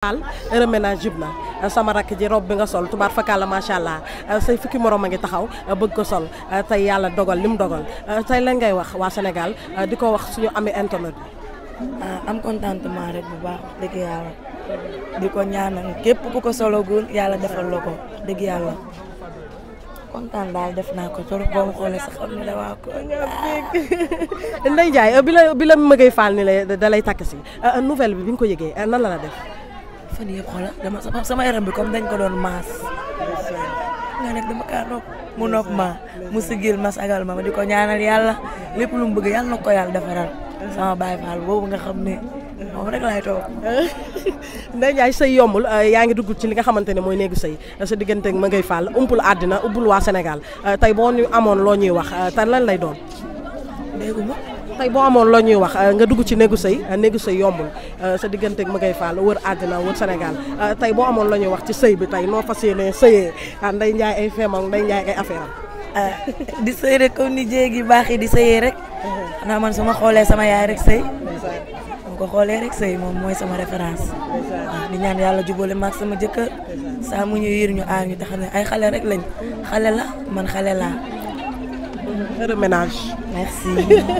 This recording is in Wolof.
al reménage jub sama rakk ji bi nga sol tubaar fakalla macha allah say fukki morom a ngi taxaw bëgg ko sol tey yàlla dogal li mu dogal tey lan ngay wax waa Sénégal di ko wax suñu amee internet bi ah, am contentement rek bu baax dëgg di ko ñaanal képp ku ko sologul yàlla defal la ko dëgg yàlla kontaan daal def naa ko trop boo ma xoolee sax xam bi la bi la mëgay faal ni la da lay takk si ah, nouvelle bi bi nga ko yëgee ah, nan la la def fan yëpp xoolal sama yaram bi comme dañ ko doon maas. nga nekk dama kaa nopp mu nopp ma mu sigil ma sagal ma ma di ko ñaanal yàlla lépp lu mu bëgg yàlla na ko yàlla defaral. sama baay faal boobu nga xam ne. moom rek laay toog. Ndeye Ndiaye sëy yombul euh, yaa ngi dugg ci li nga xamante ne mooy néegu sëy sa diggante ma ngay faal umpul àddina umpul waa Sénégal euh, tey boo ñu amoon loo ñuy wax euh, tey lan lay doon. tey boo amoon loo ñuy wax euh, nga dugg ci néegu sëy euh, néegu sëy yombul euh, sa diggante ak Magueye Fall wër àddina wër Sénégal tey boo amoon loo ñuy wax ci sëy bi tey noo fas yéenee sëyee ah, nday njaay ay feemam nday njaay ay affaire am ah, di sëy rek ko ni gi baax yi di sëyee rek uh-huh. xanaa man su ma xoolee sama yaay rek sëy ko xoolee rek sëy moom mooy sama référence ah, di ñaan yàlla jubale maag sama jëkkër saa mu ñu yiir ñu aar ñu te xam ne ay xale rek lañ xale la man xale laa.